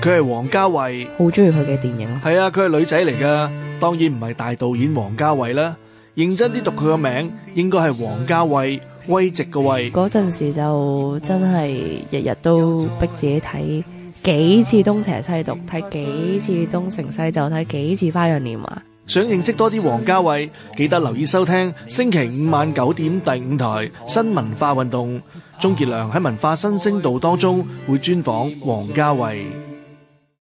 佢係黃家慰，好中意佢嘅電影。係啊，佢係女仔嚟噶，當然唔係大導演王家衛啦。認真啲讀佢個名，應該係黃家慰，慰藉嘅慰。嗰陣時就真係日日都逼自己睇幾次《東邪西毒》，睇幾次東城《東成西就》，睇幾次《幾次花樣年華》。想認識多啲黃家慰，記得留意收聽星期五晚九點第五台新文化運動。鍾潔良喺文化新星道當中會專訪黃家慰。